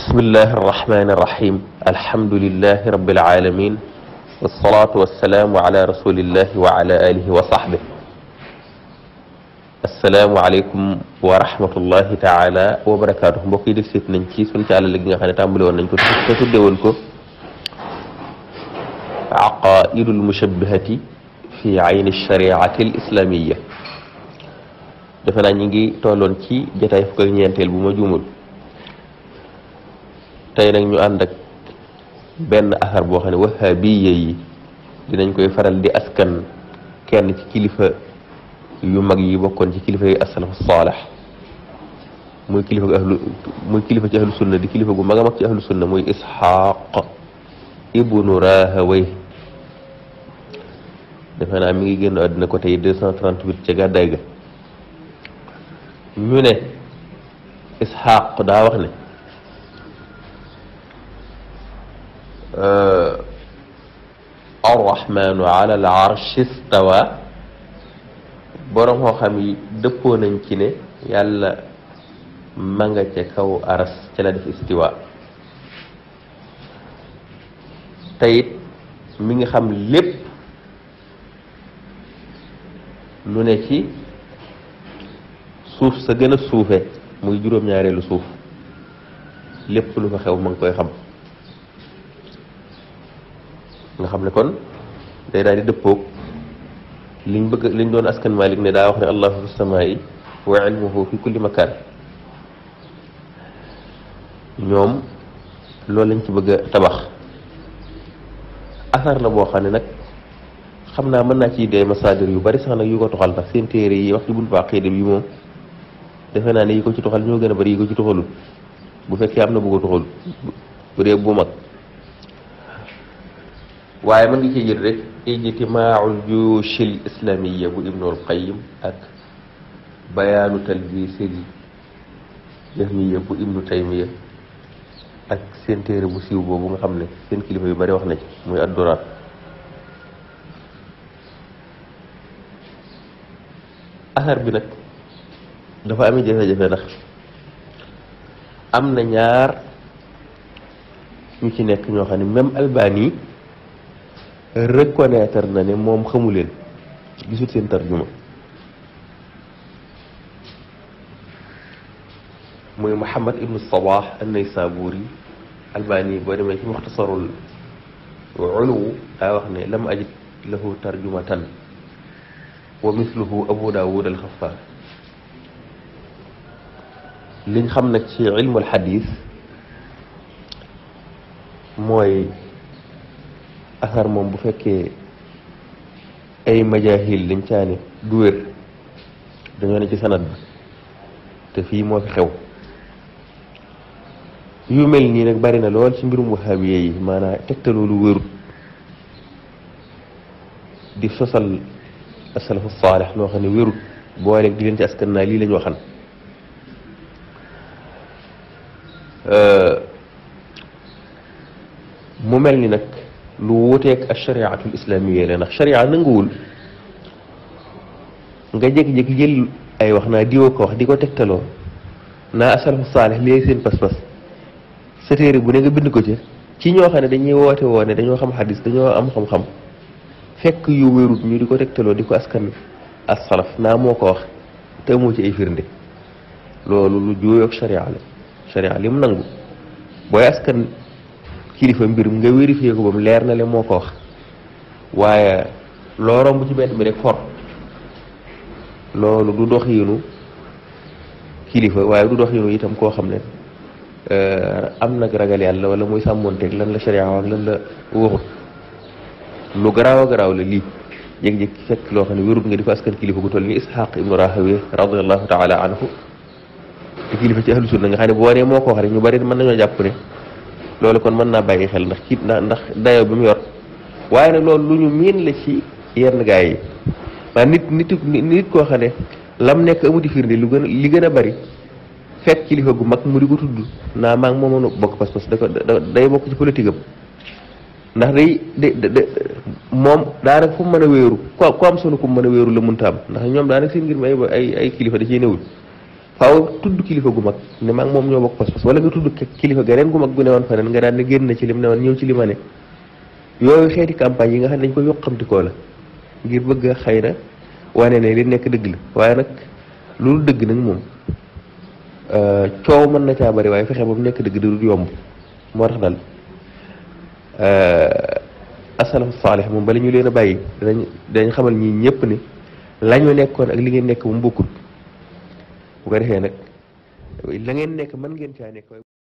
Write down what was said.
بسم الله الرحمن الرحيم الحمد لله رب العالمين والصلاة والسلام على رسول الله وعلى آله وصحبه السلام عليكم ورحمة الله تعالى وبركاته mbokk yi سيت seet nañ ci suñ ci àll gi nga xam عقائد المشبهة في عين الشريعة الإسلامية defe naa تولون ngi tolloon ci jataay fukk ak tey nag ñu ànd benn asar boo xam ne wahabiye yi dinañ koy faral di askan kenn ci kilifa yu mag yi bokkoon ci kilifa yi asalafu saalex muy kilifa ahlu muy kilifa ci ahlu sunna di kilifa gu mag a mag ci ahlu sunna muy isxaq ibnu rahaway defe mi ngi génn àddina ko tey deux cent trente-huit ca gàddaay ñu ne isxaq daa wax ne arrahmanu ala al arshi istawa xam yi dëppoo nañ ci ne yàlla ma nga ca kaw aras ci la def istiwa teyit mi ngi xam lépp lu ne ci suuf sa gën a muy juróom-ñaareelu suuf lépp lu fa xew ma ngi koy xam nga xam ne kon day daal di dëppoog liñ bëgg liñ doon askan Malik ne daa wax ne allahu fi samaa'i wa ilmuhu fi kulli makaan ñoom loolu lañ ci bëgg a tabax asar la boo xam ne nag xam naa mën naa ci dee masaadir yu bari sax nag yu ko toxal ndax seen téere yi wax ci buntu aqiida bi moom defe naa ne yi ko ci toxal ñoo gën a bari yi ko ci toxalul bu fekkee am na bu ko toxalul bu dee bu mag waye man nga ci jël rek ijtimaaul juyuushil islamiyya bu ibn al qayyim ak bayanu talbisil jahmiyya bu ibn taymiyya ak sen téré bu siw bobu nga xamné sen kilifa yu bari wax na ci muy ad adduraat asar bi nak dafa amé jafe-jafe nak amna ñaar ñu ci nekk ñoo xam même albani reconnaître na ne moom xamu leen gisul seen tarjuma muy Muhammad ibnu Sabah an-Naysaburi albani boo demee ci muxtasarul uluw daa wax ne lam ajid lahu tarjumatan wa misluhu abu daawud al xafaar liñ xam nag ci ilmul xadis mooy asar moom bu fekkee ay majaahil lañ caani du wér dañoo ne ci sanad bi te fii moo fi xew yu mel nii nag bari na lool ci mbirum wahaabiye yi maanaam tegtaloo lu wérut di sosal asalafu saalih loo xam ne wérut boole di leen ci askan naa lii la ñu mu mel ni nag lu wuuteeg ak shari'atul islamiyya la ndax shari'a nanguwul nga jeg jékki jël ay wax naa diwa ko wax di ko tegtaloo naa asalfu saalih léegi seen pas-pas sa téere bu ne nga bind ko ci ci ñoo xam ne dañuy woote woo ne dañoo xam xadis dañoo am xam-xam fekk yu wérut ñu di ko tegtaloo di ko askan as salaf naa moo ko wax te amoo ci ay firnde loolu lu juuyoog shari'a la shari'a nangu booy askan. kilifa mbir nga vérifié ko ba mu leer na le moo ko wax waaye loo romb ci mbedd mi rek for loolu du doxiinu kilifa waaye du doxiinu itam koo xam ne euh, am nag ragal yàlla mooy muy sàmmoonteeg lan la sharia ak lan la waxut lu garaaw a garaaw la lii jékki-jékki fekk loo xam ne wérut nga di ko askan kilifa gu toll ni Ishaq ibnu Rahawi radiallahu taala anhu te kilifa ci ahlu sunna nga xam ne boo nee moo ko wax rek ñu bari mën nañoo jàpp ne loolu kon mën naa bàyyi xel ndax ci ndax ndax dayo bi mu yor waaye nag loolu lu ñu miin la ci yenn gaa yi maa nit nit nit koo xam ne lam nekk amuti firnde lu gën li gën a bari fekk kilifa gu mag mu di ko tudd naa maa ngi moomoon bokk pas-pas da ko day bokk ci politique ndax day da da moom daanaka fu mu mën a wéeru koo ko am solo ku mën a wéeru la mënta am ndax ñoom daanaka seen ngir mi ay ay kilifa da ciy newul faaw tudd kilifa gu mag ne maa moom ñoo bokk pas-pas wala nga tudd kilifa geneen gu mag gu newoon feneen nga daan ne génn na ci lim ne woon ñëw ci li yooyu xeeti campagne yi nga xam ne dañ ko yokkamtikoo la ngir bëgg xëy na wane ne li nekk dëgg la waaye nag loolu dëgg nag moom euh, coow mën na caa bari waaye fexe ba mu nekk dëgg du yomb moo tax daal euh, asalafu moom bala ñu leen a bàyyi danañ danañ xamal ñi ñëpp ni la nekkoon ak li ngeen nekk moom bokkul bu ko defee nag la ngeen nekk mën ngeen caa nekk